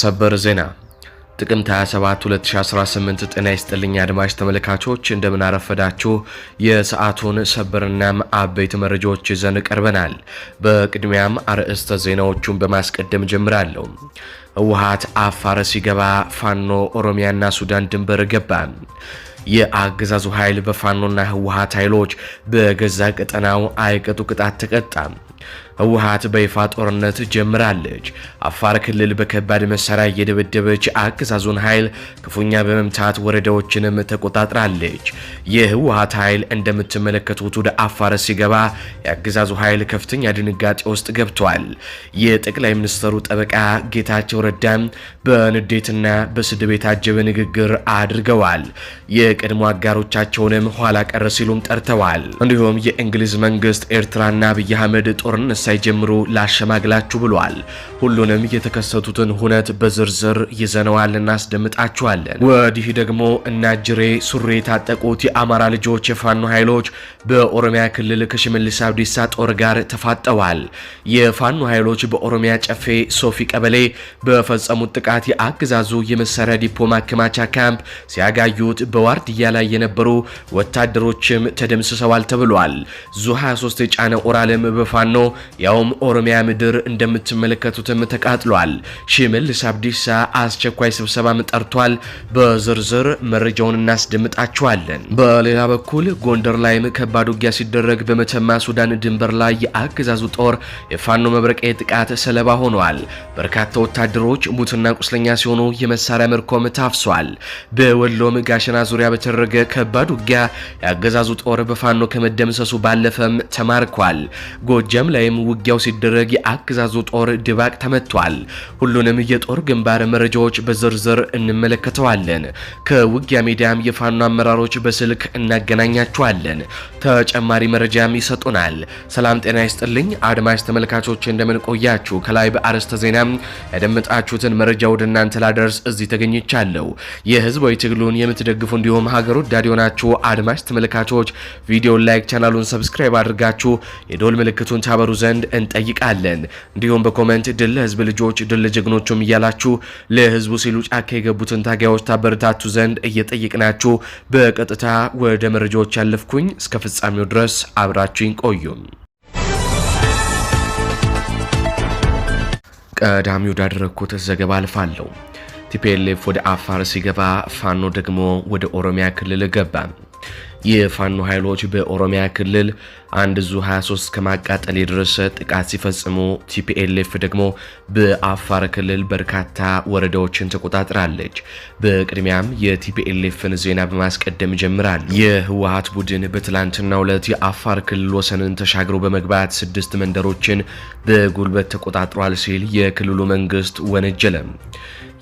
ሰበር ዜና ጥቅምት 27 2018። ጤና ይስጥልኝ አድማጭ ተመልካቾች እንደምናረፈዳችሁ የሰዓቱን ሰብርና አበይት መረጃዎች ይዘን ቀርበናል። በቅድሚያም አርዕስተ ዜናዎቹን በማስቀደም ጀምራለሁ። ህወሓት አፋር ሲገባ ፋኖ ኦሮሚያና ሱዳን ድንበር ገባ። የአገዛዙ ኃይል በፋኖና ህወሓት ኃይሎች በገዛ ቀጠናው አይቀጡ ቅጣት ተቀጣ። ህወሀት በይፋ ጦርነት ጀምራለች። አፋር ክልል በከባድ መሳሪያ እየደበደበች አገዛዙን ኃይል ክፉኛ በመምታት ወረዳዎችንም ተቆጣጥራለች። የህወሀት ኃይል እንደምትመለከቱት ወደ አፋር ሲገባ የአገዛዙ ኃይል ከፍተኛ ድንጋጤ ውስጥ ገብቷል። የጠቅላይ ሚኒስትሩ ጠበቃ ጌታቸው ረዳም በንዴትና በስድብ የታጀበ ንግግር አድርገዋል። የቀድሞ አጋሮቻቸውንም ኋላ ቀረ ሲሉም ጠርተዋል። እንዲሁም የእንግሊዝ መንግስት ኤርትራና አብይ አህመድ ጦርነት ሳይጀምሩ ላሸማግላችሁ ብሏል። ሁሉንም የተከሰቱትን ሁነት በዝርዝር ይዘነዋል እናስደምጣችኋለን። ወዲህ ደግሞ እናጅሬ ሱሪ የታጠቁት የአማራ ልጆች የፋኖ ኃይሎች በኦሮሚያ ክልል ከሽመልስ አብዲሳ ጦር ጋር ተፋጠዋል። የፋኖ ኃይሎች በኦሮሚያ ጨፌ ሶፊ ቀበሌ በፈጸሙት ጥቃት የአገዛዙ የመሳሪያ ዲፖ ማከማቻ ካምፕ ሲያጋዩት በዋርድያ ላይ የነበሩ ወታደሮችም ተደምስሰዋል ተብሏል። ዙ 23 የጫነ ኦራልም በፋኖ ያውም ኦሮሚያ ምድር እንደምትመለከቱትም ተቃጥሏል። ሽመልስ አብዲሳ አስቸኳይ ስብሰባም ጠርቷል። በዝርዝር መረጃውን እናስደምጣችኋለን። በሌላ በኩል ጎንደር ላይም ከባድ ውጊያ ሲደረግ በመተማ ሱዳን ድንበር ላይ የአገዛዙ ጦር የፋኖ መብረቂያ ጥቃት ሰለባ ሆኗል። በርካታ ወታደሮች ሙትና ቁስለኛ ሲሆኑ የመሳሪያ ምርኮም ታፍሷል። በወሎም ጋሸና ዙሪያ በተደረገ ከባድ ውጊያ የአገዛዙ ጦር በፋኖ ከመደምሰሱ ባለፈም ተማርኳል። ጎጃም ላይም ውጊያው ሲደረግ የአገዛዙ ጦር ድባቅ ተመቷል። ሁሉንም የጦር ግንባር መረጃዎች በዝርዝር እንመለከተዋለን። ከውጊያ ሜዳም የፋኖ አመራሮች በስልክ እናገናኛቸዋለን። ተጨማሪ መረጃም ይሰጡናል። ሰላም ጤና ይስጥልኝ አድማጭ ተመልካቾች እንደምን ቆያችሁ? ከላይ በአርዕስተ ዜና ያደመጣችሁትን መረጃ ወደ እናንተ ላደርስ እዚህ ተገኝቻለሁ። የህዝባዊ ትግሉን የምትደግፉ እንዲሁም ሀገር ወዳድ የሆናችሁ አድማጭ ተመልካቾች ቪዲዮን ላይክ፣ ቻናሉን ሰብስክራይብ አድርጋችሁ የዶል ምልክቱን ታበሩ ዘንድ ዘንድ እንጠይቃለን። እንዲሁም በኮመንት ድል ለህዝብ ልጆች፣ ድል ለጀግኖቹም እያላችሁ ለህዝቡ ሲሉ ጫካ የገቡትን ታጋዮች ታበረታቱ ዘንድ እየጠየቅናችሁ በቀጥታ ወደ መረጃዎች ያለፍኩኝ። እስከ ፍጻሜው ድረስ አብራችሁኝ ቆዩም። ቀዳሚ ወዳደረግኩት ዘገባ አልፋለሁ። ቲፒኤልኤፍ ወደ አፋር ሲገባ ፋኖ ደግሞ ወደ ኦሮሚያ ክልል ገባ። የፋኖ ኃይሎች በኦሮሚያ ክልል አንድ ዙ 23 ከማቃጠል የደረሰ ጥቃት ሲፈጽሙ ቲፒኤልኤፍ ደግሞ በአፋር ክልል በርካታ ወረዳዎችን ተቆጣጥራለች። በቅድሚያም የቲፒኤልኤፍን ዜና በማስቀደም ጀምራል። የህወሀት ቡድን በትላንትናው ዕለት የአፋር ክልል ወሰንን ተሻግሮ በመግባት ስድስት መንደሮችን በጉልበት ተቆጣጥሯል ሲል የክልሉ መንግስት ወነጀለም።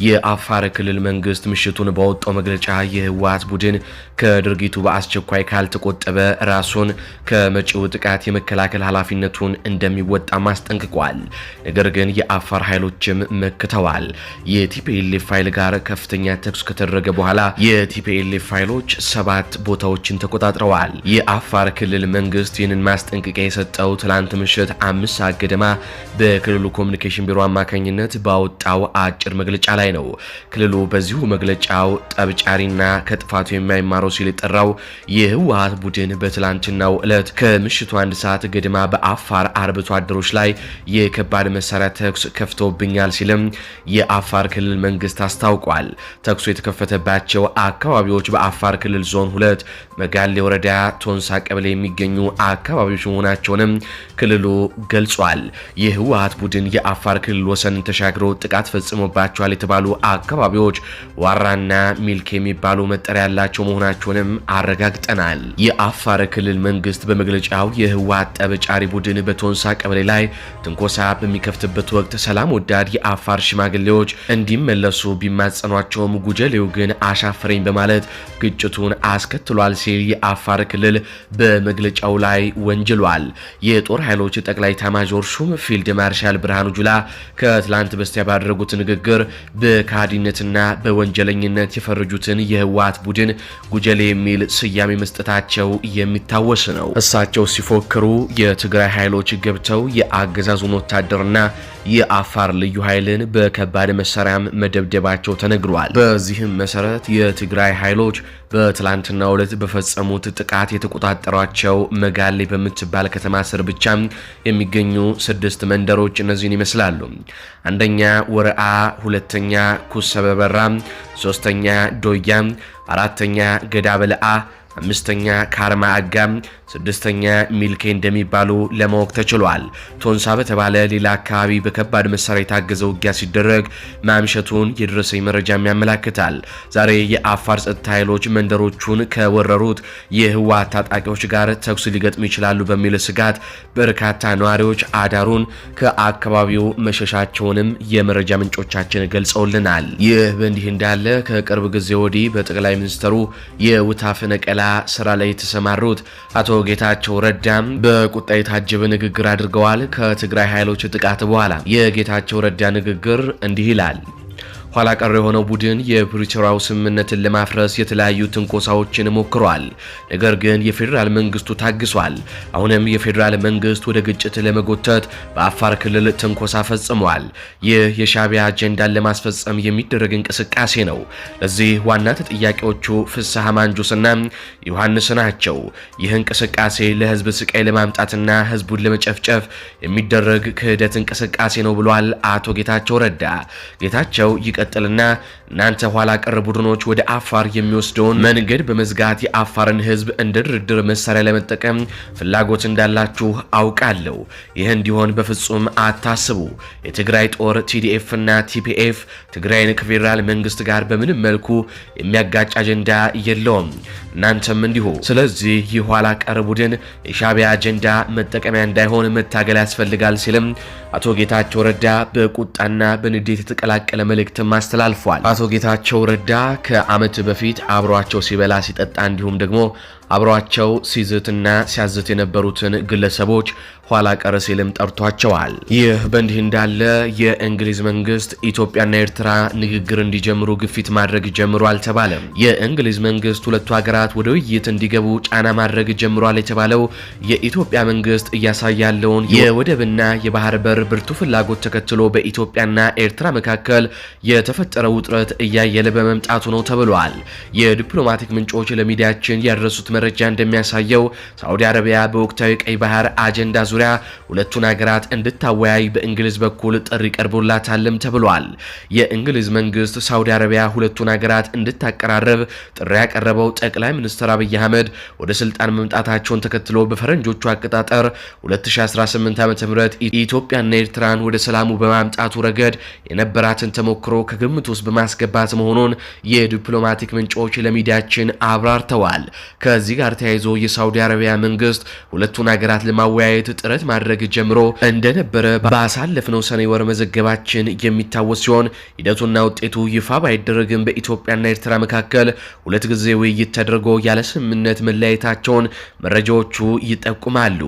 የአፋር ክልል መንግስት ምሽቱን ባወጣው መግለጫ የህወሀት ቡድን ከድርጊቱ በአስቸኳይ ካልተቆጠበ ራሱን ከመጪው ጥቃት የመከላከል ኃላፊነቱን እንደሚወጣም አስጠንቅቋል። ነገር ግን የአፋር ኃይሎችም መክተዋል። የቲፒኤልኤፍ ኃይል ጋር ከፍተኛ ተኩስ ከተደረገ በኋላ የቲፒኤልኤፍ ኃይሎች ሰባት ቦታዎችን ተቆጣጥረዋል። የአፋር ክልል መንግስት ይህንን ማስጠንቀቂያ የሰጠው ትላንት ምሽት አምስት ሰዓት ገደማ በክልሉ ኮሚኒኬሽን ቢሮ አማካኝነት ባወጣው አጭር መግለጫ ላይ ላይ ነው። ክልሉ በዚሁ መግለጫው ጠብጫሪና ከጥፋቱ የማይማረው ሲል የጠራው የህወሀት ቡድን በትላንትናው ዕለት ከምሽቱ አንድ ሰዓት ገድማ በአፋር አርብቶ አደሮች ላይ የከባድ መሳሪያ ተኩስ ከፍቶብኛል ሲልም የአፋር ክልል መንግስት አስታውቋል። ተኩሱ የተከፈተባቸው አካባቢዎች በአፋር ክልል ዞን ሁለት መጋሌ ወረዳ ቶንሳ ቀበሌ የሚገኙ አካባቢዎች መሆናቸውንም ክልሉ ገልጿል። የህወሀት ቡድን የአፋር ክልል ወሰን ተሻግሮ ጥቃት ፈጽሞባቸዋል የተባ የሚባሉ አካባቢዎች ዋራና ሚልክ የሚባሉ መጠሪያ ያላቸው መሆናቸውንም አረጋግጠናል። የአፋር ክልል መንግስት በመግለጫው የህወሓት ጠበጫሪ ቡድን በቶንሳ ቀበሌ ላይ ትንኮሳ በሚከፍትበት ወቅት ሰላም ወዳድ የአፋር ሽማግሌዎች እንዲመለሱ ቢማጸኗቸውም ጉጀሌው ግን አሻፈረኝ በማለት ግጭቱን አስከትሏል ሲል የአፋር ክልል በመግለጫው ላይ ወንጅሏል። የጦር ኃይሎች ጠቅላይ ታማዦር ሹም ፊልድ ማርሻል ብርሃኑ ጁላ ከትላንት በስቲያ ባደረጉት ንግግር በካዲነትና በወንጀለኝነት የፈረጁትን የህወሀት ቡድን ጉጀሌ የሚል ስያሜ መስጠታቸው የሚታወስ ነው። እሳቸው ሲፎክሩ የትግራይ ኃይሎች ገብተው የአገዛዙን ወታደርና የአፋር ልዩ ኃይልን በከባድ መሳሪያም መደብደባቸው ተነግሯል። በዚህም መሰረት የትግራይ ኃይሎች በትላንትና ዕለት በፈጸሙት ጥቃት የተቆጣጠሯቸው መጋሌ በምትባል ከተማ ስር ብቻ የሚገኙ ስድስት መንደሮች እነዚህን ይመስላሉ። አንደኛ ወረአ፣ ሁለተኛ ኩሰበበራ፣ ሶስተኛ ዶያ፣ አራተኛ ገዳበልአ አምስተኛ ካርማ አጋም፣ ስድስተኛ ሚልኬ እንደሚባሉ ለማወቅ ተችሏል። ቶንሳ በተባለ ሌላ አካባቢ በከባድ መሳሪያ የታገዘ ውጊያ ሲደረግ ማምሸቱን የደረሰኝ መረጃም ያመላክታል። ዛሬ የአፋር ጸጥታ ኃይሎች መንደሮቹን ከወረሩት የህወሓት ታጣቂዎች ጋር ተኩስ ሊገጥሙ ይችላሉ በሚል ስጋት በርካታ ነዋሪዎች አዳሩን ከአካባቢው መሸሻቸውንም የመረጃ ምንጮቻችን ገልጸውልናል። ይህ በእንዲህ እንዳለ ከቅርብ ጊዜ ወዲህ በጠቅላይ ሚኒስትሩ የውታፍ ነቀላ ስራ ላይ የተሰማሩት አቶ ጌታቸው ረዳም በቁጣ የታጀበ ንግግር አድርገዋል። ከትግራይ ኃይሎች ጥቃት በኋላ የጌታቸው ረዳ ንግግር እንዲህ ይላል። ኋላ ቀር የሆነው ቡድን የፕሪቶሪያው ስምምነትን ለማፍረስ የተለያዩ ትንኮሳዎችን ሞክሯል። ነገር ግን የፌዴራል መንግስቱ ታግሷል። አሁንም የፌዴራል መንግስት ወደ ግጭት ለመጎተት በአፋር ክልል ትንኮሳ ፈጽሟል። ይህ የሻቢያ አጀንዳን ለማስፈጸም የሚደረግ እንቅስቃሴ ነው። ለዚህ ዋና ተጠያቂዎቹ ፍስሐ ማንጁስና ዮሐንስ ናቸው። ይህ እንቅስቃሴ ለህዝብ ስቃይ ለማምጣትና ህዝቡን ለመጨፍጨፍ የሚደረግ ክህደት እንቅስቃሴ ነው ብሏል አቶ ጌታቸው ረዳ። ጌታቸው ይቀ በማስቀጠልና እናንተ ኋላ ቀር ቡድኖች ወደ አፋር የሚወስደውን መንገድ በመዝጋት የአፋርን ህዝብ እንደ ድርድር መሳሪያ ለመጠቀም ፍላጎት እንዳላችሁ አውቃለሁ። ይህ እንዲሆን በፍጹም አታስቡ። የትግራይ ጦር ቲዲኤፍ እና ቲፒኤፍ ትግራይን ከፌዴራል መንግስት ጋር በምንም መልኩ የሚያጋጭ አጀንዳ የለውም፣ እናንተም እንዲሁ። ስለዚህ ይህ ኋላ ቀር ቡድን የሻቢያ አጀንዳ መጠቀሚያ እንዳይሆን መታገል ያስፈልጋል ሲልም አቶ ጌታቸው ረዳ በቁጣና በንዴት የተቀላቀለ መልእክትም አስተላልፏል። አቶ ጌታቸው ረዳ ከዓመት በፊት አብሯቸው ሲበላ ሲጠጣ እንዲሁም ደግሞ አብሯቸው ሲዝትና ሲያዝት የነበሩትን ግለሰቦች ኋላ ቀረ ሲልም ጠርቷቸዋል። ይህ በእንዲህ እንዳለ የእንግሊዝ መንግስት ኢትዮጵያና ኤርትራ ንግግር እንዲጀምሩ ግፊት ማድረግ ጀምሯል አልተባለም። የእንግሊዝ መንግስት ሁለቱ ሀገራት ወደ ውይይት እንዲገቡ ጫና ማድረግ ጀምሯል የተባለው የኢትዮጵያ መንግስት እያሳየ ያለውን የወደብና የባህር በር ብርቱ ፍላጎት ተከትሎ በኢትዮጵያና ኤርትራ መካከል የተፈጠረ ውጥረት እያየለ በመምጣቱ ነው ተብሏል። የዲፕሎማቲክ ምንጮች ለሚዲያችን ያደረሱት መረጃ እንደሚያሳየው ሳዑዲ አረቢያ በወቅታዊ ቀይ ባህር አጀንዳ ዙሪያ ሁለቱን ሀገራት እንድታወያይ በእንግሊዝ በኩል ጥሪ ቀርቦላታልም ተብሏል። የእንግሊዝ መንግስት ሳውዲ አረቢያ ሁለቱን ሀገራት እንድታቀራረብ ጥሪ ያቀረበው ጠቅላይ ሚኒስትር አብይ አህመድ ወደ ስልጣን መምጣታቸውን ተከትሎ በፈረንጆቹ አቆጣጠር 2018 ዓ ም ኢትዮጵያና ኤርትራን ወደ ሰላሙ በማምጣቱ ረገድ የነበራትን ተሞክሮ ከግምት ውስጥ በማስገባት መሆኑን የዲፕሎማቲክ ምንጮች ለሚዲያችን አብራርተዋል። ከዚህ ጋር ተያይዞ የሳውዲ አረቢያ መንግስት ሁለቱን ሀገራት ለማወያየት ጥረት ማድረግ ጀምሮ እንደነበረ ባሳለፍነው ሰኔ ወር መዘገባችን የሚታወስ ሲሆን ሂደቱና ውጤቱ ይፋ ባይደረግም በኢትዮጵያና ኤርትራ መካከል ሁለት ጊዜ ውይይት ተደርጎ ያለ ስምምነት መለያየታቸውን መረጃዎቹ ይጠቁማሉ።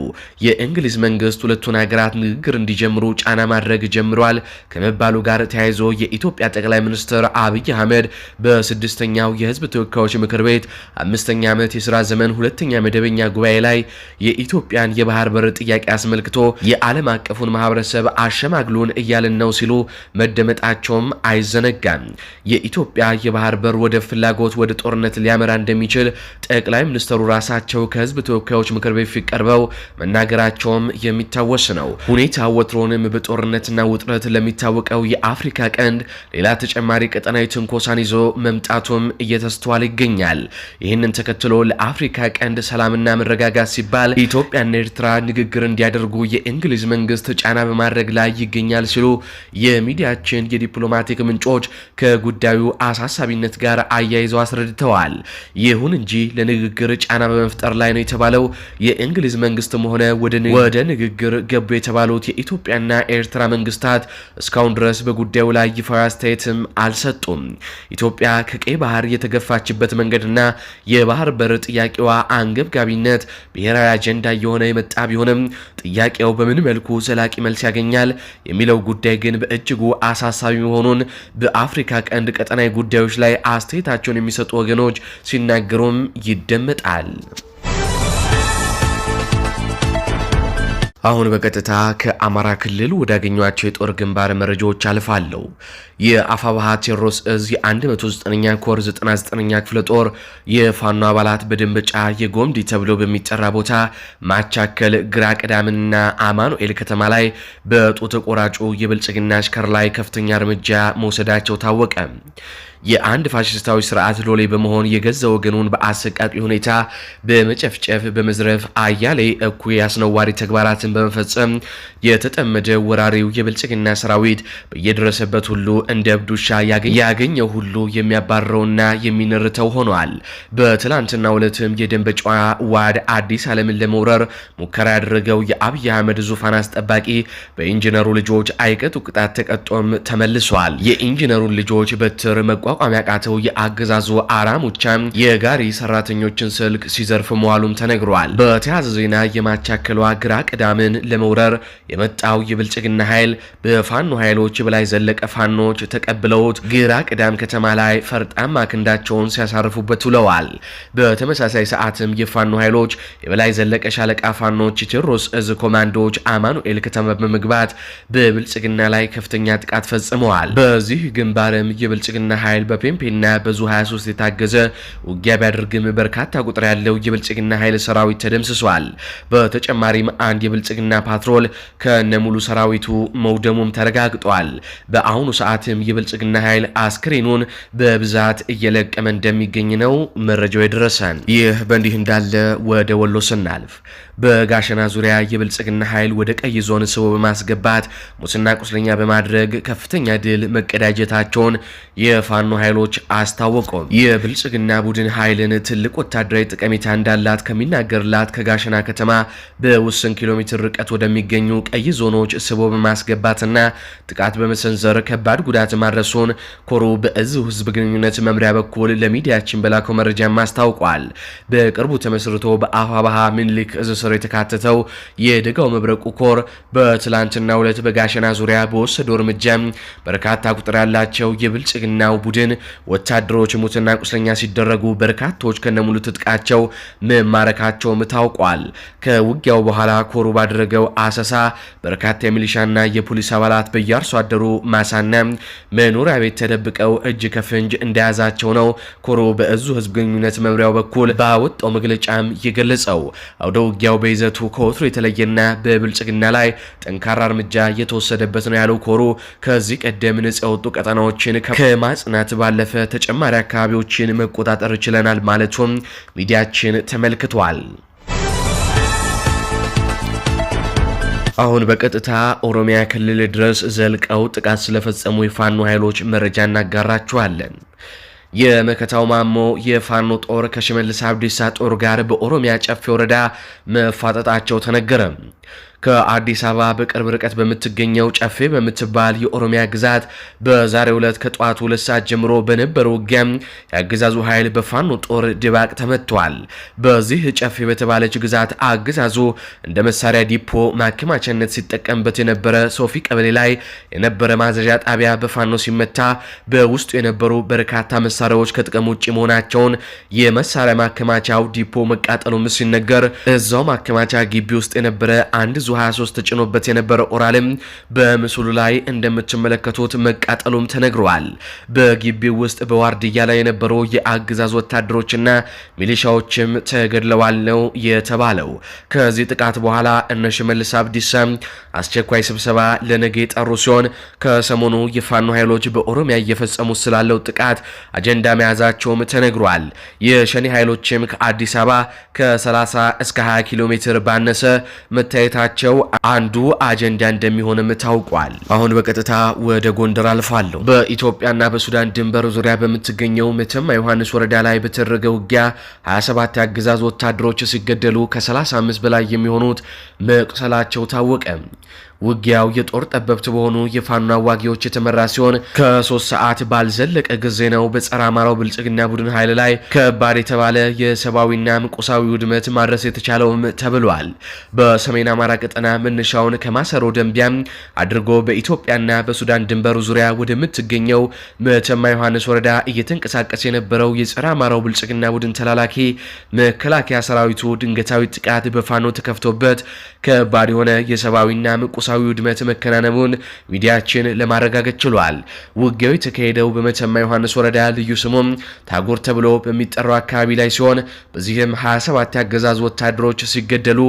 የእንግሊዝ መንግስት ሁለቱን ሀገራት ንግግር እንዲጀምሩ ጫና ማድረግ ጀምሯል ከመባሉ ጋር ተያይዞ የኢትዮጵያ ጠቅላይ ሚኒስትር አብይ አህመድ በስድስተኛው የህዝብ ተወካዮች ምክር ቤት አምስተኛ ዓመት የስራ ዘመን ሁለተኛ መደበኛ ጉባኤ ላይ የኢትዮጵያን የባህር በር ጥያቄ አስመልክቶ የዓለም አቀፉን ማህበረሰብ አሸማግሎን እያልን ነው ሲሉ መደመጣቸውም አይዘነጋም። የኢትዮጵያ የባህር በር ወደብ ፍላጎት ወደ ጦርነት ሊያመራ እንደሚችል ጠቅላይ ሚኒስትሩ ራሳቸው ከህዝብ ተወካዮች ምክር ቤት ፊት ቀርበው መናገራቸውም የሚታወስ ነው። ሁኔታ ወትሮንም በጦርነትና ውጥረት ለሚታወቀው የአፍሪካ ቀንድ ሌላ ተጨማሪ ቀጠናዊ ትንኮሳን ይዞ መምጣቱም እየተስተዋለ ይገኛል። ይህንን ተከትሎ ለአፍሪካ ቀንድ ሰላምና መረጋጋት ሲባል ኢትዮጵያና ኤርትራ ንግግር እንዲያደርጉ የእንግሊዝ መንግስት ጫና በማድረግ ላይ ይገኛል ሲሉ የሚዲያችን የዲፕሎማቲክ ምንጮች ከጉዳዩ አሳሳቢነት ጋር አያይዘው አስረድተዋል። ይሁን እንጂ ለንግግር ጫና በመፍጠር ላይ ነው የተባለው የእንግሊዝ መንግስትም ሆነ ወደ ንግግር ገቡ የተባሉት የኢትዮጵያና ኤርትራ መንግስታት እስካሁን ድረስ በጉዳዩ ላይ ይፋዊ አስተያየትም አልሰጡም። ኢትዮጵያ ከቀይ ባህር የተገፋችበት መንገድና የባህር በር ጥያቄዋ አንገብጋቢነት ብሔራዊ አጀንዳ እየሆነ የመጣ ቢሆንም ጥያቄው በምን መልኩ ዘላቂ መልስ ያገኛል የሚለው ጉዳይ ግን በእጅጉ አሳሳቢ መሆኑን በአፍሪካ ቀንድ ቀጠናዊ ጉዳዮች ላይ አስተያየታቸውን የሚሰጡ ወገኖች ሲናገሩም ይደመጣል። አሁን በቀጥታ ከአማራ ክልል ወዳገኟቸው የጦር ግንባር መረጃዎች አልፋለሁ። የአፋባሃ ቴዎድሮስ እዝ የ109ኛ ኮር 99ኛ ክፍለ ጦር የፋኖ አባላት በደንበጫ የጎምዲ ተብሎ በሚጠራ ቦታ ማቻከል ግራ ቅዳምና አማኑኤል ከተማ ላይ በጡት ቆራጩ የብልጽግና አሽከር ላይ ከፍተኛ እርምጃ መውሰዳቸው ታወቀ። የአንድ ፋሽስታዊ ስርዓት ሎሌ በመሆን የገዛ ወገኑን በአሰቃቂ ሁኔታ በመጨፍጨፍ በመዝረፍ አያሌ እኩ አስነዋሪ ተግባራትን በመፈጸም የተጠመደ ወራሪው የብልጽግና ሰራዊት በየደረሰበት ሁሉ እንደ እብድ ያገኘው ሁሉ የሚያባረውና የሚነርተው ሆኗል። በትላንትናው ዕለትም የደንበጫዋ ዋድ አዲስ ዓለምን ለመውረር ሙከራ ያደረገው የአብይ አህመድ ዙፋን አስጠባቂ በኢንጂነሩ ልጆች አይቀጡ ቅጣት ተቀጦም ተመልሷል። የኢንጂነሩን ልጆች በትር መቋ መቋቋም ያቃተው የአገዛዙ አራሙቻ የጋሪ ሰራተኞችን ስልክ ሲዘርፍ መዋሉም ተነግሯል። በተያያዘ ዜና የማቻከሏ ግራ ቅዳምን ለመውረር የመጣው የብልጽግና ኃይል በፋኖ ኃይሎች በላይ ዘለቀ ፋኖች ተቀብለውት ግራ ቅዳም ከተማ ላይ ፈርጣማ ክንዳቸውን ሲያሳርፉበት ውለዋል። በተመሳሳይ ሰዓትም የፋኖ ኃይሎች የበላይ ዘለቀ ሻለቃ ፋኖች ቴዎድሮስ እዝ ኮማንዶዎች አማኑኤል ከተማ በመግባት በብልጽግና ላይ ከፍተኛ ጥቃት ፈጽመዋል። በዚህ ግንባርም የብልጽግና ኃይል በፔምፔና በዙ 23 የታገዘ ውጊያ ቢያደርግም በርካታ ቁጥር ያለው የብልጽግና ኃይል ሰራዊት ተደምስሷል። በተጨማሪም አንድ የብልጽግና ፓትሮል ከነሙሉ ሰራዊቱ መውደሙም ተረጋግጧል። በአሁኑ ሰዓትም የብልጽግና ኃይል አስክሬኑን በብዛት እየለቀመ እንደሚገኝ ነው መረጃው የደረሰን። ይህ በእንዲህ እንዳለ ወደ ወሎ ስናልፍ በጋሸና ዙሪያ የብልጽግና ኃይል ወደ ቀይ ዞን ስቦ በማስገባት ሙስና ቁስለኛ በማድረግ ከፍተኛ ድል መቀዳጀታቸውን የፋኖ ኃይሎች አስታወቁም። የብልጽግና ቡድን ኃይልን ትልቅ ወታደራዊ ጠቀሜታ እንዳላት ከሚናገርላት ከጋሸና ከተማ በውስን ኪሎ ሜትር ርቀት ወደሚገኙ ቀይ ዞኖች ስቦ በማስገባትና ጥቃት በመሰንዘር ከባድ ጉዳት ማድረሱን ኮሩ በእዙ ህዝብ ግንኙነት መምሪያ በኩል ለሚዲያችን በላከው መረጃም አስታውቋል። በቅርቡ ተመስርቶ በአፋባሃ ምኒልክ እዝ ስር የተካተተው የደጋው መብረቁ ኮር በትላንትናው ዕለት በጋሸና ዙሪያ በወሰደው እርምጃ በርካታ ቁጥር ያላቸው የብልጽግናው ቡድን ወታደሮች ሙትና ቁስለኛ ሲደረጉ በርካታዎች ከነሙሉ ትጥቃቸው መማረካቸውም ታውቋል። ከውጊያው በኋላ ኮሩ ባደረገው አሰሳ በርካታ የሚሊሻና የፖሊስ አባላት በየአርሶ አደሩ ማሳና መኖሪያ ቤት ተደብቀው እጅ ከፍንጅ እንደያዛቸው ነው ኮሮ በእዙ ህዝብ ግንኙነት መምሪያው በኩል ባወጣው መግለጫም የገለጸው። አውደ ውጊያው ውጊያው በይዘቱ ከወትሮ የተለየና በብልጽግና ላይ ጠንካራ እርምጃ እየተወሰደበት ነው ያለው ኮሩ ከዚህ ቀደም ነጻ የወጡ ቀጠናዎችን ከማጽናት ባለፈ ተጨማሪ አካባቢዎችን መቆጣጠር ችለናል ማለቱም ሚዲያችን ተመልክቷል። አሁን በቀጥታ ኦሮሚያ ክልል ድረስ ዘልቀው ጥቃት ስለፈጸሙ የፋኖ ኃይሎች መረጃ እናጋራችኋለን። የመከታው ማሞ የፋኖ ጦር ከሽመልስ አብዲሳ ጦር ጋር በኦሮሚያ ጨፌ ወረዳ መፋጠጣቸው ተነገረ። ከአዲስ አበባ በቅርብ ርቀት በምትገኘው ጨፌ በምትባል የኦሮሚያ ግዛት በዛሬው ዕለት ከጠዋቱ ሁለት ሰዓት ጀምሮ በነበረው ውጊያም የአገዛዙ ኃይል በፋኖ ጦር ድባቅ ተመቷል። በዚህ ጨፌ በተባለች ግዛት አገዛዙ እንደ መሳሪያ ዲፖ ማከማቻነት ሲጠቀምበት የነበረ ሶፊ ቀበሌ ላይ የነበረ ማዘዣ ጣቢያ በፋኖ ሲመታ በውስጡ የነበሩ በርካታ መሳሪያዎች ከጥቅም ውጭ መሆናቸውን የመሳሪያ ማከማቻው ዲፖ መቃጠሉ ሲነገር እዛው ማከማቻ ግቢ ውስጥ የነበረ አንድ ዙ 23 ተጭኖበት የነበረ ኦራልም በምስሉ ላይ እንደምትመለከቱት መቃጠሉም ተነግሯል። በግቢው ውስጥ በዋርድያ ላይ የነበሩ የአገዛዝ ወታደሮችና ሚሊሻዎችም ተገድለዋል ነው የተባለው። ከዚህ ጥቃት በኋላ እነ ሽመልስ አብዲሳ አስቸኳይ ስብሰባ ለነገ የጠሩ ሲሆን ከሰሞኑ የፋኖ ኃይሎች በኦሮሚያ እየፈጸሙት ስላለው ጥቃት አጀንዳ መያዛቸውም ተነግሯል። የሸኔ ኃይሎችም ከአዲስ አበባ ከ30 እስከ 20 ኪሎ ሜትር ባነሰ መታየታቸው መሆናቸው አንዱ አጀንዳ እንደሚሆንም ታውቋል። አሁን በቀጥታ ወደ ጎንደር አልፋለሁ። በኢትዮጵያና በሱዳን ድንበር ዙሪያ በምትገኘው መተማ ዮሐንስ ወረዳ ላይ በተደረገ ውጊያ 27 የአገዛዝ ወታደሮች ሲገደሉ ከ35 በላይ የሚሆኑት መቁሰላቸው ታወቀ። ውጊያው የጦር ጠበብት በሆኑ የፋኖ አዋጊዎች የተመራ ሲሆን ከሶስት ሰዓት ባልዘለቀ ጊዜ ነው በጸረ አማራው ብልጽግና ቡድን ኃይል ላይ ከባድ የተባለ የሰብአዊና ምቁሳዊ ውድመት ማድረስ የተቻለውም ተብሏል። በሰሜን አማራ ቀጠና መነሻውን ከማሰሮ ደንቢያ አድርጎ በኢትዮጵያና በሱዳን ድንበር ዙሪያ ወደምትገኘው መተማ ዮሐንስ ወረዳ እየተንቀሳቀሰ የነበረው የጸረ አማራው ብልጽግና ቡድን ተላላኪ መከላከያ ሰራዊቱ ድንገታዊ ጥቃት በፋኖ ተከፍቶበት ከባድ የሆነ የሰብአዊና ምቁሳዊ ውድመት መከናነቡን ሚዲያችን ለማረጋገጥ ችሏል። ውጊያው የተካሄደው በመተማ ዮሐንስ ወረዳ ልዩ ስሙም ታጎር ተብሎ በሚጠራው አካባቢ ላይ ሲሆን በዚህም 27 ያገዛዙ ወታደሮች ሲገደሉ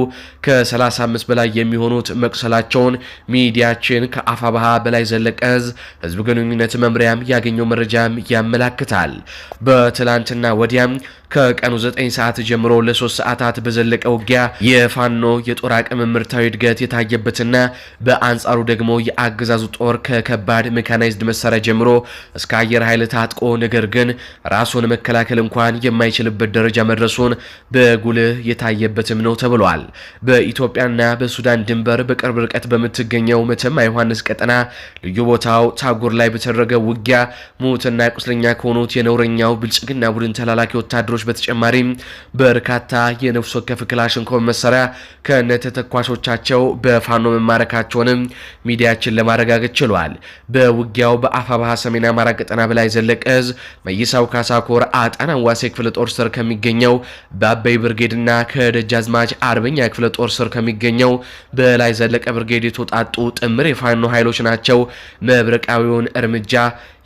ከ35 በላይ በላይ የሚሆኑት መቁሰላቸውን ሚዲያችን ከአፋባሃ በላይ ዘለቀ ህዝብ ግንኙነት መምሪያም ያገኘው መረጃም ያመላክታል። በትላንትና ወዲያም ከቀኑ 9 ሰዓት ጀምሮ ለሶስት ሰዓታት በዘለቀ ውጊያ የፋኖ የጦር አቅም ምርታዊ እድገት የታየበትና በአንጻሩ ደግሞ የአገዛዙ ጦር ከከባድ ሜካናይዝድ መሳሪያ ጀምሮ እስከ አየር ኃይል ታጥቆ ነገር ግን ራሱን መከላከል እንኳን የማይችልበት ደረጃ መድረሱን በጉልህ የታየበትም ነው ተብሏል። በኢትዮጵያና በሱ ሱዳን ድንበር በቅርብ ርቀት በምትገኘው መተማ ዮሐንስ ቀጠና ልዩ ቦታው ታጉር ላይ በተደረገ ውጊያ ሞትና ቁስለኛ ከሆኑት የነውረኛው ብልጽግና ቡድን ተላላኪ ወታደሮች በተጨማሪ በርካታ የነፍስ ወከፍ ክላሽንኮቭ መሳሪያ ከነተተኳሾቻቸው በፋኖ መማረካቸውንም ሚዲያችን ለማረጋገጥ ችሏል። በውጊያው በአፋባሃ ሰሜን አማራ ቀጠና በላይ ዘለቀ እዝ መይሳው ካሳኮር አጣና ዋሴ ክፍለ ጦር ስር ከሚገኘው በአበይ ብርጌድና ከደጃዝማች አርበኛ ክፍለ ጦር ስር ከሚገኘው በላይ ዘለቀ ብርጌድ የተውጣጡ ጥምር የፋኖ ኃይሎች ናቸው መብረቃዊውን እርምጃ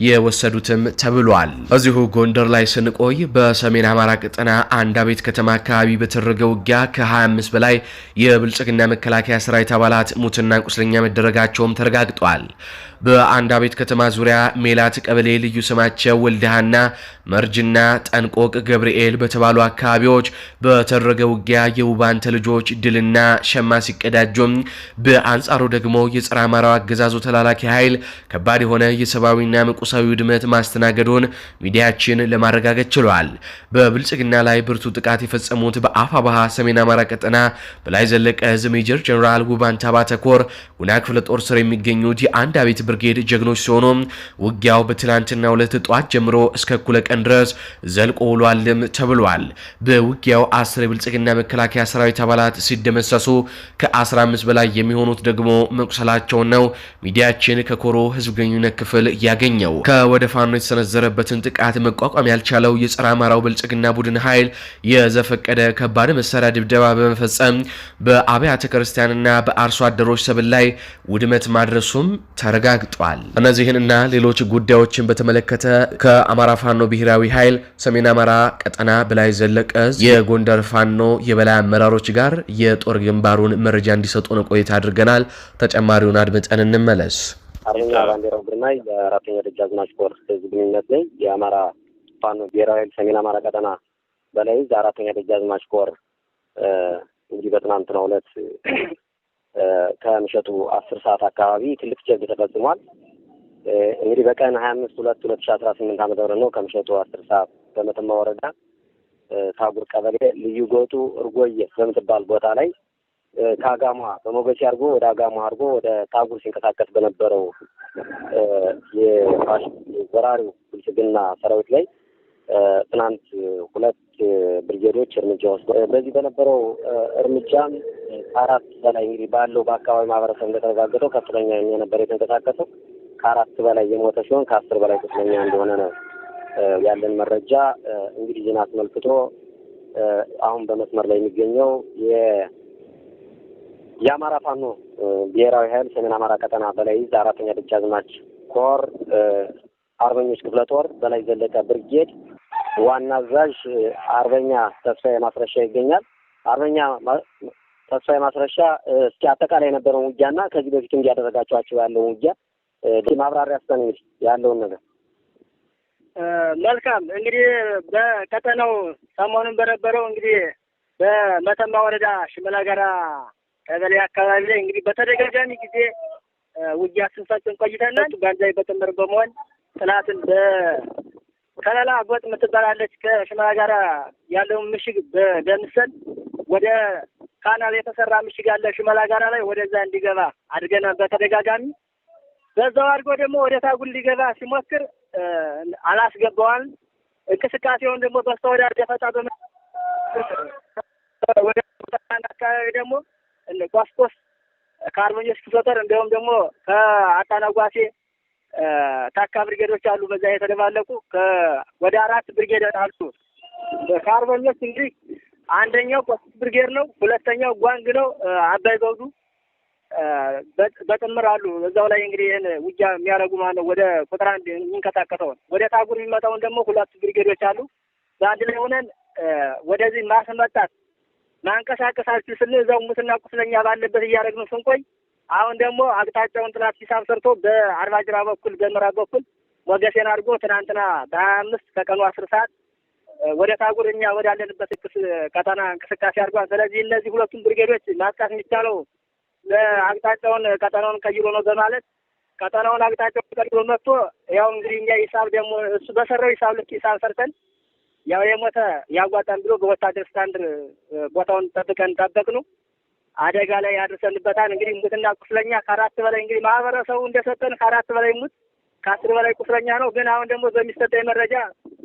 የወሰዱትም ተብሏል። እዚሁ ጎንደር ላይ ስንቆይ በሰሜን አማራ ቀጠና አንዳቤት ከተማ አካባቢ በተደረገ ውጊያ ከ25 በላይ የብልጽግና መከላከያ ሰራዊት አባላት ሙትና ቁስለኛ መደረጋቸውም ተረጋግጧል። በአንዳቤት ከተማ ዙሪያ ሜላት ቀበሌ ልዩ ስማቸው ወልድሃና መርጅና ጠንቆቅ ገብርኤል በተባሉ አካባቢዎች በተደረገ ውጊያ የውባንተ ልጆች ድልና ሸማ ሲቀዳጁም፣ በአንጻሩ ደግሞ የጸረ አማራው አገዛዙ ተላላኪ ኃይል ከባድ የሆነ የሰብአዊና ምቁሳዊ ውድመት ማስተናገዱን ሚዲያችን ለማረጋገጥ ችሏል። በብልጽግና ላይ ብርቱ ጥቃት የፈጸሙት በአፋባሃ ሰሜን አማራ ቀጠና በላይ ዘለቀ ዕዝ ሜጀር ጀኔራል ውባንተ አባተ ጉና ክፍለ ጦር ስር የሚገኙት የአንድ አቤት ብርጌድ ጀግኖች ሲሆኑ ውጊያው በትላንትና ሁለት ጠዋት ጀምሮ እስከ ኩለቀ ቀን ድረስ ዘልቆ ውሏልም ተብሏል። በውጊያው አስር የብልጽግና መከላከያ ሰራዊት አባላት ሲደመሰሱ ከ15 በላይ የሚሆኑት ደግሞ መቁሰላቸውን ነው ሚዲያችን ከኮሮ ህዝብ ግንኙነት ክፍል ያገኘው። ከወደ ፋኖ የተሰነዘረበትን ጥቃት መቋቋም ያልቻለው የጸረ አማራው ብልጽግና ቡድን ኃይል የዘፈቀደ ከባድ መሳሪያ ድብደባ በመፈጸም በአብያተ ክርስቲያንና በአርሶ አደሮች ሰብል ላይ ውድመት ማድረሱም ተረጋግጧል። እነዚህንና ሌሎች ጉዳዮችን በተመለከተ ከአማራ ፋኖ ብሄ ብሔራዊ ኃይል ሰሜን አማራ ቀጠና በላይ ዘለቀ የጎንደር ፋኖ የበላይ አመራሮች ጋር የጦር ግንባሩን መረጃ እንዲሰጡን ቆይታ አድርገናል። ተጨማሪውን አድምጠን እንመለስ። አርበኛ ባንዴራው ግርማይ የአራተኛ ደጃዝማች ኮር ህዝብ ግንኙነት ነኝ። የአማራ ፋኖ ብሔራዊ ኃይል ሰሜን አማራ ቀጠና በላይ እዝ አራተኛ ደጃዝማች ኮር እንግዲህ በትናንትናው ዕለት ከምሸቱ አስር ሰዓት አካባቢ ትልቅ ጀብድ ተፈጽሟል። እንግዲህ በቀን ሀያ አምስት ሁለት ሁለት ሺ አስራ ስምንት ዓመተ ምህረት ነው ከምሸቱ አስር ሰዓት በመተማ ወረዳ ታጉር ቀበሌ ልዩ ጎጡ እርጎየ በምትባል ቦታ ላይ ከአጋሟ በሞገሲ አድርጎ ወደ አጋሟ አድርጎ ወደ ታጉር ሲንቀሳቀስ በነበረው የወራሪው ብልጽግና ሰራዊት ላይ ትናንት ሁለት ብርጌዶች እርምጃ ወስዶ በዚህ በነበረው እርምጃም አራት በላይ እንግዲህ ባለው በአካባቢ ማህበረሰብ እንደተረጋገጠው ከፍተኛ የነበረ የተንቀሳቀሰው ከአራት በላይ የሞተ ሲሆን ከአስር በላይ ቁስለኛ እንደሆነ ነው ያለን መረጃ። እንግዲህ ዜና አስመልክቶ አሁን በመስመር ላይ የሚገኘው የአማራ ፋኖ ብሔራዊ ኃይል ሰሜን አማራ ቀጠና በላይ እዝ አራተኛ ደጃዝማች ኮር አርበኞች ክፍለ ጦር በላይ ዘለቀ ብርጌድ ዋና አዛዥ አርበኛ ተስፋዬ ማስረሻ ይገኛል። አርበኛ ተስፋዬ ማስረሻ እስኪ አጠቃላይ የነበረውን ውጊያና ከዚህ በፊት እንዲያደረጋቸኋቸው ያለውን ውጊያ ማብራሪያ ስተን ያለውን ነገር መልካም እንግዲህ በቀጠናው ሰሞኑን በነበረው እንግዲህ በመተማ ወረዳ ሽመላ ጋራ ቀበሌ አካባቢ ላይ እንግዲህ በተደጋጋሚ ጊዜ ውጊያ ስንፈጽም ቆይተናል። በአንድ ላይ በጥምር በመሆን ጥላትን በከለላ ጎጥ የምትባላለች ከሽመላ ጋራ ያለውን ምሽግ በደምሰል ወደ ካናል የተሰራ ምሽግ አለ ሽመላ ጋራ ላይ ወደዛ እንዲገባ አድርገናል በተደጋጋሚ በዛው አድርጎ ደግሞ ወደ ታጉል ሊገባ ሲሞክር አላስገባዋል። እንቅስቃሴውን ደግሞ በስተወዳ ደፈጣ በመ ወደ አካባቢ ደግሞ ጓስቆስ ከአርበኞች ክፍለ እንዲሁም ደግሞ ከአታናጓሴ ታካ ብርጌዶች አሉ። በዛ የተደባለቁ ወደ አራት ብርጌድ አሉ። ከአርበኞች እንግዲህ አንደኛው ቆስ ብርጌድ ነው። ሁለተኛው ጓንግ ነው። አባይ ዘውዱ በጥምር አሉ። እዛው ላይ እንግዲህ ይህን ውጊያ የሚያደርጉ ነው። ወደ ቁጥር አንድ የሚንቀሳቀሰውን ወደ ታጉር የሚመጣውን ደግሞ ሁለቱ ብሪጌዶች አሉ። በአንድ ላይ ሆነን ወደዚህ ማስመጣት ማንቀሳቀሳችሁ ስን እዛው ሙትና ቁስለኛ ባለበት እያደረግን ስንቆይ አሁን ደግሞ አቅጣጫውን ጥላት ሂሳብ ሰርቶ በአርባጅራ በኩል በምዕራብ በኩል ወገሴን አድርጎ ትናንትና በሀያ አምስት ከቀኑ አስር ሰዓት ወደ ታጉር እኛ ወዳለንበት ቀጠና እንቅስቃሴ አድርጓል። ስለዚህ እነዚህ ሁለቱም ብርጌዶች ማጥቃት የሚቻለው አቅጣጫውን ቀጠናውን ቀይሮ ነው በማለት ቀጠናውን አቅጣጫውን ቀይሮ መጥቶ ያው እንግዲህ እኛ ሂሳብ ደግሞ እሱ በሰራው ሂሳብ ልክ ሂሳብ ሰርተን ያው የሞተ ያጓጣን ብሎ በወታደር ስታንድ ቦታውን ጠብቀን ጠበቅነው። አደጋ ላይ ያደርሰንበታል። እንግዲህ ሙትና ቁስለኛ ከአራት በላይ እንግዲህ ማህበረሰቡ እንደሰጠን ከአራት በላይ ሙት ከአስር በላይ ቁስለኛ ነው። ግን አሁን ደግሞ በሚሰጠኝ መረጃ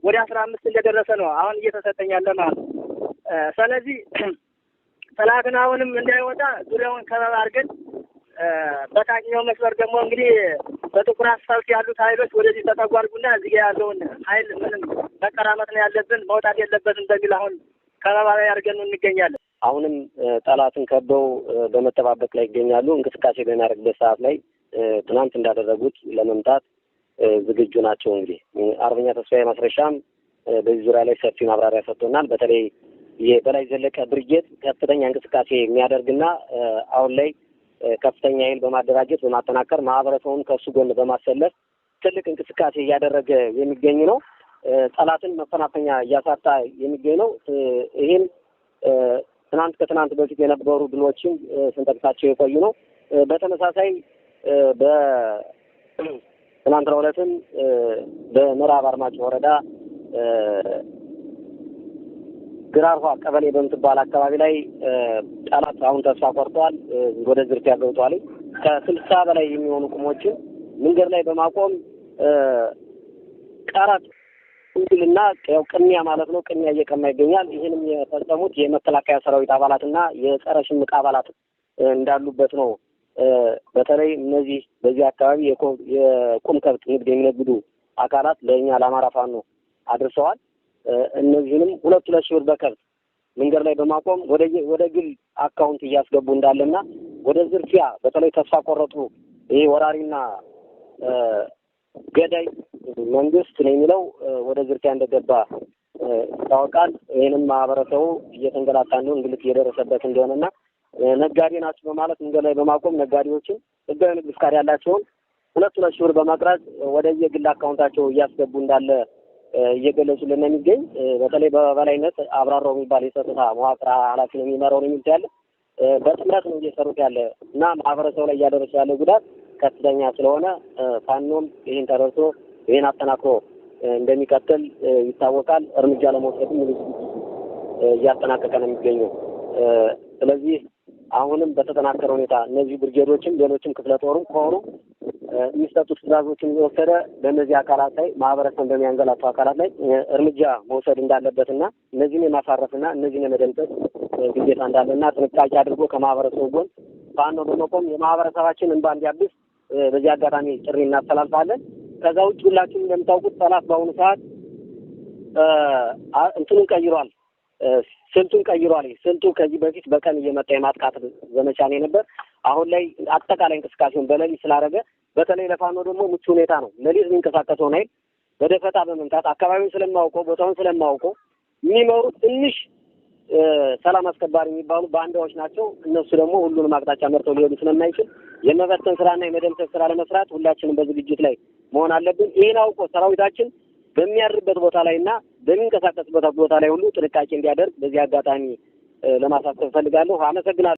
ወደ አስራ አምስት እንደደረሰ ነው አሁን እየተሰጠኛለ ማለት ነው። ስለዚህ ጠላትን አሁንም እንዳይወጣ ዙሪያውን ከበባ አድርገን በታችኛው መስመር ደግሞ እንግዲህ በጥቁር አስፋልት ያሉት ኃይሎች ወደዚህ ተጠጓርጉና አድርጉና እዚህ ያለውን ኃይል ምንም መቀራመት ነው ያለብን፣ መውጣት የለበትም በሚል አሁን ከበባ ላይ አድርገን እንገኛለን። አሁንም ጠላትን ከበው በመጠባበቅ ላይ ይገኛሉ። እንቅስቃሴ በሚያደርግበት ሰዓት ላይ ትናንት እንዳደረጉት ለመምጣት ዝግጁ ናቸው። እንግዲህ አርበኛ ተስፋዬ ማስረሻም በዚህ ዙሪያ ላይ ሰፊ ማብራሪያ ሰጥቶናል። በተለይ የበላይ ዘለቀ ብርጌት ከፍተኛ እንቅስቃሴ የሚያደርግና አሁን ላይ ከፍተኛ ኃይል በማደራጀት በማጠናከር ማህበረሰቡን ከእሱ ጎን በማሰለፍ ትልቅ እንቅስቃሴ እያደረገ የሚገኝ ነው። ጠላትን መፈናፈኛ እያሳጣ የሚገኝ ነው። ይህም ትናንት ከትናንት በፊት የነበሩ ድሎችም ስንጠቅሳቸው የቆዩ ነው። በተመሳሳይ በትናንትናው ዕለትም በምዕራብ አርማጭ ወረዳ ግራርኋ ቀበሌ በምትባል አካባቢ ላይ ጠላት አሁን ተስፋ ቆርጠዋል። ወደ ዝርፊያ ገብተዋል። ከስልሳ በላይ የሚሆኑ ቁሞችን መንገድ ላይ በማቆም ቀራት እና ያው ቅሚያ ማለት ነው። ቅሚያ እየቀማ ይገኛል። ይህንም የፈጸሙት የመከላከያ ሰራዊት አባላትና የጸረ ሽምቅ አባላት እንዳሉበት ነው። በተለይ እነዚህ በዚህ አካባቢ የቁም ከብት ንግድ የሚነግዱ አካላት ለእኛ ለአማራ ፋኖ አድርሰዋል። እነዚህንም ሁለት ሁለት ሺህ ብር በከብት መንገድ ላይ በማቆም ወደ ግል አካውንት እያስገቡ እንዳለና ወደ ዝርፊያ በተለይ ተስፋ ቆረጡ ይህ ወራሪና ገዳይ መንግስት ነው የሚለው ወደ ዝርፊያ እንደገባ ይታወቃል። ይህንም ማህበረሰቡ እየተንገላታ እንዲሆን እንግልት እየደረሰበት እንደሆነና ነጋዴ ናቸው በማለት መንገድ ላይ በማቆም ነጋዴዎችን ህጋዊ ንግድ ፍቃድ ያላቸውን ሁለት ሁለት ሺህ ብር በመቅረጽ ወደ የግል አካውንታቸው እያስገቡ እንዳለ እየገለጹልን ነው የሚገኝ። በተለይ በበላይነት አብራራው የሚባል የጸጥታ መዋቅር ኃላፊ ነው የሚመራው ነው የሚሉት ያለ በጥምረት ነው እየሰሩት ያለ እና ማህበረሰቡ ላይ እያደረሰ ያለ ጉዳት ከፍተኛ ስለሆነ ፋኖም ይህን ተረድቶ ይህን አጠናክሮ እንደሚቀጥል ይታወቃል። እርምጃ ለመውሰድም ሙሉ እያጠናቀቀ ነው የሚገኘው። ስለዚህ አሁንም በተጠናከረ ሁኔታ እነዚህ ብርጌዶችም ሌሎችም ክፍለ ጦሩም ከሆኑ የሚሰጡ ትእዛዞችን የወሰደ በእነዚህ አካላት ላይ ማህበረሰብን በሚያንገላቱ አካላት ላይ እርምጃ መውሰድ እንዳለበትና እነዚህን የማሳረፍና እነዚህን የመደምጠት ግዴታ እንዳለና ጥንቃቄ አድርጎ ከማህበረሰቡ ጎን በአንድ በመቆም የማህበረሰባችን እንባ እንዲያብስ በዚህ አጋጣሚ ጥሪ እናስተላልፋለን። ከዛ ውጭ ሁላችሁም እንደምታውቁት ጠላት በአሁኑ ሰዓት እንትኑን ቀይሯል። ስልቱን ቀይሯል። ስልቱ ከዚህ በፊት በቀን እየመጣ የማጥቃት ዘመቻ ነው አሁን ላይ አጠቃላይ እንቅስቃሴውን በሌሊት ስላደረገ በተለይ ለፋኖ ደግሞ ምቹ ሁኔታ ነው። ሌሊት የሚንቀሳቀሰውን ኃይል በደፈጣ በመምታት አካባቢውን ስለማውቀው፣ ቦታውን ስለማውቀው የሚመሩት ትንሽ ሰላም አስከባሪ የሚባሉ ባንዳዎች ናቸው። እነሱ ደግሞ ሁሉንም አቅጣጫ መርተው ሊሄዱ ስለማይችል የመበተን ስራና የመደምሰስ ስራ ለመስራት ሁላችንም በዝግጅት ላይ መሆን አለብን። ይህን አውቆ ሰራዊታችን በሚያድርበት ቦታ ላይ እና በሚንቀሳቀስበት ቦታ ላይ ሁሉ ጥንቃቄ እንዲያደርግ በዚህ አጋጣሚ ለማሳሰብ እፈልጋለሁ። አመሰግናለሁ።